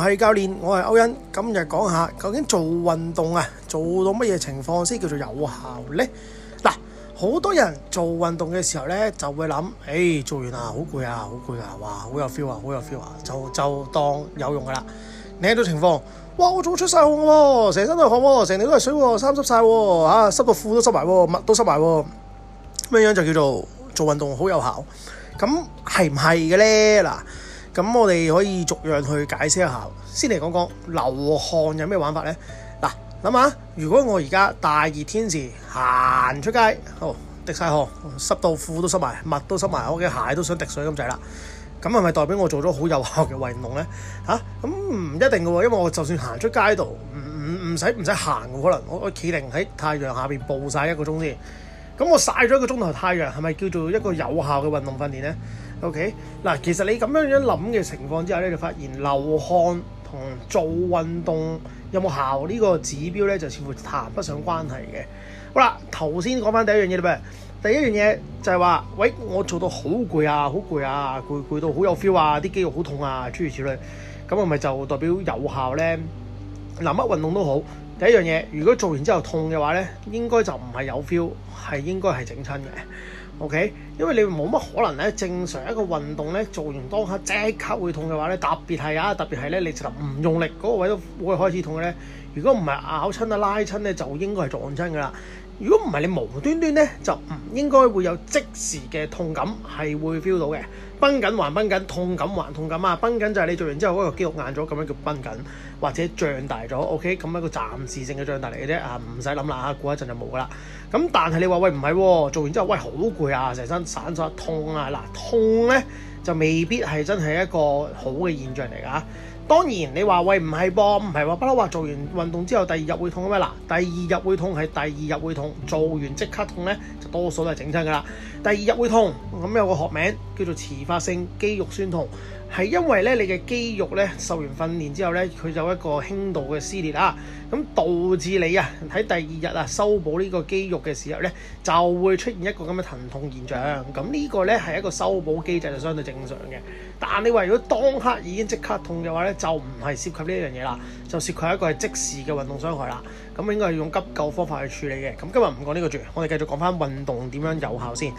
係教練，我係歐恩。今日講下，究竟做運動啊，做到乜嘢情況先叫做有效呢？嗱，好多人做運動嘅時候呢，就會諗，誒、欸，做完啊，好攰啊，好攰啊，哇，好有 feel 啊，好有 feel 啊，就就當有用噶啦。另一種情況，哇，我早出晒汗喎，成身都係汗、啊，成地都係水、啊，衫濕晒、啊，吓、啊，濕個褲都濕埋、啊，乜都濕埋、啊，咁樣就叫做做運動好有效。咁係唔係嘅呢？嗱。咁我哋可以逐樣去解釋一下。先嚟講講流汗有咩玩法呢？嗱，諗下，如果我而家大熱天時行出街，哦，滴晒汗，濕到褲都濕埋，襪都濕埋，我嘅鞋都，都想滴水咁滯啦。咁係咪代表我做咗好有效嘅運動呢？吓、啊，咁唔一定嘅喎，因為我就算行出街度，唔唔使唔使行，可能我我企定喺太陽下邊暴曬一個鐘先。咁我曬咗一個鐘頭太陽，係咪叫做一個有效嘅運動訓練呢？O K，嗱，okay，其實你咁樣樣諗嘅情況之下咧，就發現流汗同做運動有冇效呢個指標咧，就似乎談不上關係嘅。好啦，頭先講翻第一樣嘢啦噃，第一樣嘢就係話，喂，我做到好攰啊，好攰啊，攰攰到好有 feel 啊，啲肌肉好痛啊，諸如此類。咁係咪就代表有效咧？嗱，乜運動都好，第一樣嘢，如果做完之後痛嘅話咧，應該就唔係有 feel，係應該係整親嘅。OK，因為你冇乜可能咧，正常一個運動咧，做完當刻即刻會痛嘅話咧，特別係啊，特別係咧，你就唔用力嗰、那個位都會開始痛嘅咧。如果唔係咬親啊拉親咧，就應該係撞親㗎啦。如果唔係你無端端咧，就唔應該會有即時嘅痛感，係會 feel 到嘅。繃緊還繃緊，痛感還痛感啊！繃緊就係你做完之後嗰個肌肉硬咗，咁樣叫繃緊，或者脹大咗。OK，咁樣一個暫時性嘅脹大嚟嘅啫啊，唔使諗啦嚇，過一陣就冇噶啦。咁但係你話喂唔係喎，做完之後喂好攰啊，成身散咗痛啊嗱，啊，痛咧就未必係真係一個好嘅現象嚟㗎。當然，你話喂唔係噃，唔係話不嬲話做完運動之後第二日會痛嘅咩？嗱，第二日會痛係第，第二日會痛，做完即刻痛呢，就多數都係整親噶啦。第二日會痛，咁有個學名叫做遲發性肌肉酸痛。係因為咧，你嘅肌肉咧受完訓練之後咧，佢有一個輕度嘅撕裂啊，咁導致你啊喺第二日啊修補呢個肌肉嘅時候咧，就會出現一個咁嘅疼痛現象。咁呢個咧係一個修補機制就相對正常嘅，但你話如果當刻已經即刻痛嘅話咧，就唔係涉及呢樣嘢啦，就涉及一個係即時嘅運動傷害啦。咁應該係用急救方法去處理嘅。咁今日唔講呢個住，我哋繼續講翻運動點樣有效先。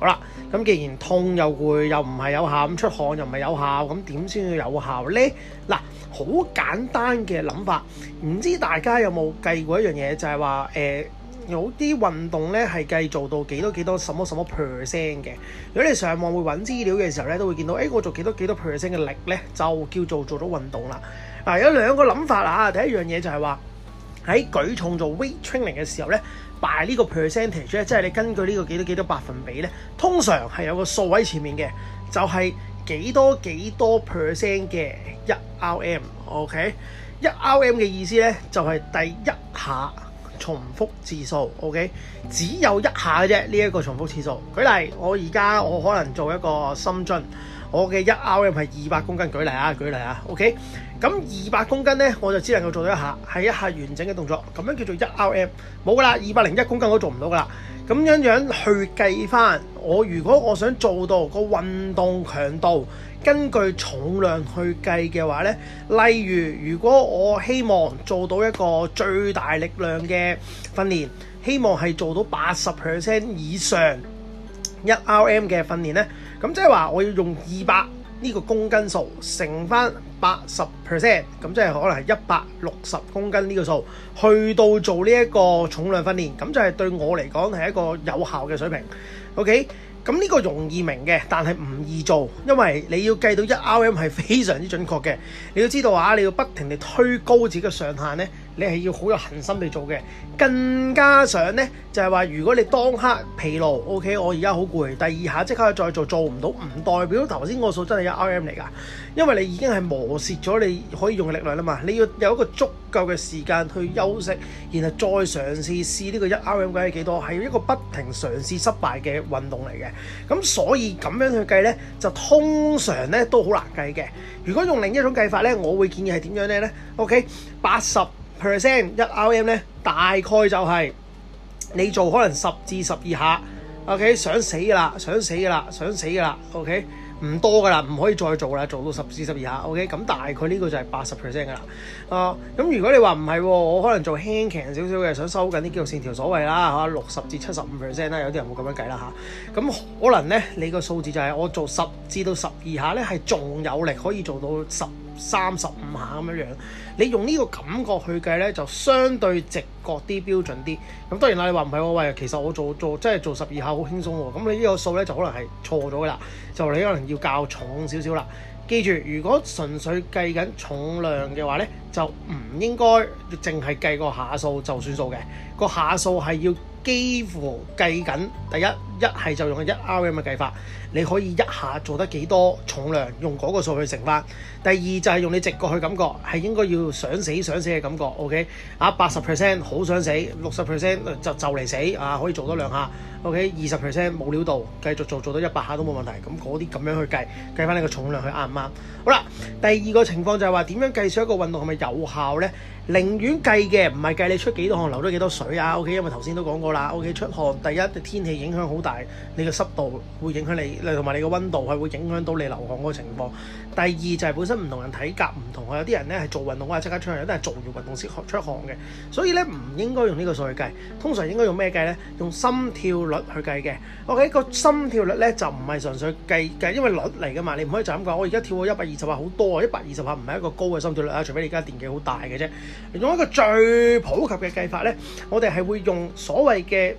好啦，咁既然痛又攰又唔係有效，咁出汗又唔係有效，咁點先至有效呢？嗱，好簡單嘅諗法，唔知大家有冇計過一樣嘢，就係話誒有啲運動呢係計做到幾多幾多什麼什麼 percent 嘅。如果你上網會揾資料嘅時候呢，都會見到誒、哎、我做幾多幾多 percent 嘅力呢，就叫做做咗運動啦。嗱，有兩個諗法啊，第一樣嘢就係話。喺舉重做 weight training 嘅時候咧，by 呢個 percentage 咧，即係你根據呢個幾多幾多百分比咧，通常係有個數位前面嘅，就係、是、幾多幾多 percent 嘅一 RM，OK？、Okay? 一 RM 嘅意思咧就係、是、第一下重複次數，OK？只有一下嘅啫，呢、這、一個重複次數。舉例，我而家我可能做一個深蹲，我嘅一 RM 係二百公斤。舉例啊，舉例啊，OK？咁二百公斤呢，我就只能夠做到一下，係一下完整嘅動作，咁樣叫做一 RM 冇噶啦，二百零一公斤我都做唔到噶啦。咁樣樣去計翻，我如果我想做到個運動強度，根據重量去計嘅話呢，例如如果我希望做到一個最大力量嘅訓練，希望係做到八十 percent 以上一 RM 嘅訓練呢，咁即係話我要用二百。呢個公斤數乘翻八十 percent，咁即係可能係一百六十公斤呢個數，去到做呢一個重量訓練，咁就係對我嚟講係一個有效嘅水平。OK，咁呢個容易明嘅，但係唔易做，因為你要計到一 RM 係非常之準確嘅，你要知道啊，你要不停地推高自己嘅上限呢。你係要好有恒心嚟做嘅，更加上呢，就係話，如果你當刻疲勞，O K，我而家好攰。第二下即刻去再做，做唔到唔代表到頭先個數真係一 R M 嚟㗎，因為你已經係磨蝕咗你可以用嘅力量啦嘛。你要有一個足夠嘅時間去休息，然後再嘗試試呢個一 R M 計係幾多，係一個不停嘗試失敗嘅運動嚟嘅。咁所以咁樣去計呢，就通常呢都好難計嘅。如果用另一種計法呢，我會建議係點樣呢咧？O K，八十，Okay, percent 一 RM 咧，cent, R M，大概就係你做可能十至十二下，OK，想死噶啦，想死噶啦，想死噶啦，OK，唔多噶啦，唔可以再做啦，做到十至十二下，OK，咁大概呢個就係八十 percent 噶啦。啊，咁、呃、如果你話唔係，我可能做輕輕少少嘅，想收緊啲肌肉線條，所謂啦嚇，六、啊、十至七十五 percent 啦，有啲人會咁樣計啦吓，咁可能咧，你個數字就係我做十至到十二下咧，係仲有力可以做到十。三十五下咁樣樣，你用呢個感覺去計呢，就相對直覺啲、標準啲。咁當然啦，你話唔係我喂，其實我做做即係做十二下好輕鬆喎。咁你呢個數呢，就可能係錯咗噶啦，就你可能要較重少少啦。記住，如果純粹計緊重量嘅話呢，就唔應該淨係計個下數就算數嘅。個下數係要幾乎計緊第一。一係就用一 RM 咁嘅計法，你可以一下做得幾多重量，用嗰個數去乘翻。第二就係用你直覺去感覺，係應該要想死想死嘅感覺。OK，啊八十 percent 好想死，六十 percent 就就嚟死啊，可以做多兩下。OK，二十 percent 冇料到，繼續做做到一百下都冇問題。咁嗰啲咁樣去計，計翻你個重量去啱唔啱？好啦，第二個情況就係話點樣計算一個運動係咪有效呢？寧願計嘅，唔係計你出幾多汗、流咗幾多水啊。OK，因為頭先都講過啦。OK，出汗第一天氣影響好大。你個濕度會影響你，同埋你個溫度係會影響到你流汗嗰個情況。第二就係本身唔同人體格唔同，有啲人咧係做運動嘅話即刻出汗，有啲係做完運動先出出汗嘅。所以咧唔應該用呢個數去計。通常應該用咩計咧？用心跳率去計嘅。OK，個心跳率咧就唔係純粹計計，因為率嚟嘅嘛，你唔可以就咁講。我而家跳到一百二十下好多啊！一百二十下唔係一個高嘅心跳率啊，除非你而家年紀好大嘅啫。用一個最普及嘅計法咧，我哋係會用所謂嘅。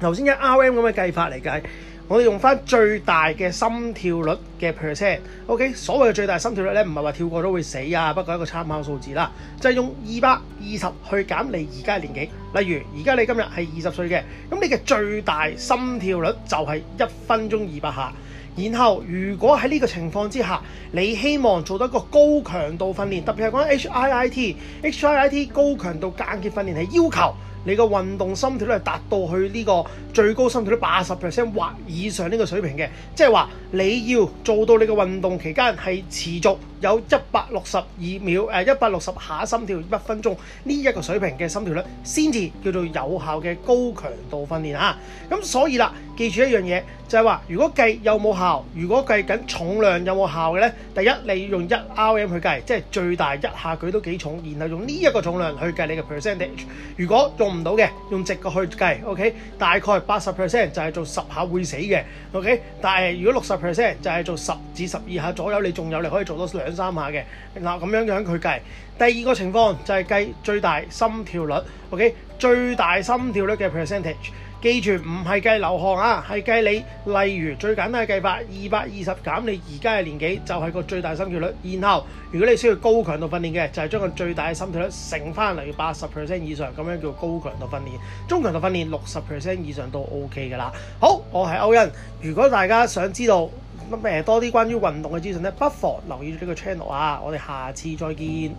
頭先一 RM 咁嘅計法嚟計，我哋用翻最大嘅心跳率嘅 percent，OK？Okay？所謂嘅最大心跳率咧，唔係話跳過都會死啊，不過一個參考數字啦，就係、是、用二百二十去減你而家嘅年紀。例如，而家你今日係二十歲嘅，咁你嘅最大心跳率就係一分鐘二百下。然後，如果喺呢個情況之下，你希望做到一個高強度訓練，特別係講 H I I T、H I I T 高強度間歇訓練係要求，你個運動心跳率達到去呢個最高心跳率八十 percent 或以上呢個水平嘅，即係話你要做到你個運動期間係持續有一百六十二秒，誒一百六十下心跳一分鐘呢一個水平嘅心跳率先至叫做有效嘅高強度訓練吓、啊，咁所以啦，記住一樣嘢就係話，如果計有冇效，如果計緊重量有冇效嘅咧，第一你要用一 RM 去計，即係最大一下舉都幾重，然後用呢一個重量去計你嘅 percentage。如果用唔到嘅，用直角去計，OK，大概八十 percent 就係、是、做十下會死嘅，OK，但係如果六十 percent 就係、是、做十至十二下左右，你仲有力可以做到兩三下嘅，嗱咁樣樣去計。第二個情況就係計最大心跳率，OK，最大心跳率嘅 percentage。記住唔係計流汗啊，係計你。例如最簡單嘅計法，二百二十減你而家嘅年紀，就係個最大心跳率。然後如果你需要高強度訓練嘅，就係將個最大嘅心跳率乘翻嚟，八十 percent 以上，咁樣叫高強度訓練。中強度訓練六十 percent 以上都 OK 噶啦。好，我係歐恩。如果大家想知道乜嘢多啲關於運動嘅資訊呢，不妨留意呢個 channel 啊。我哋下次再見。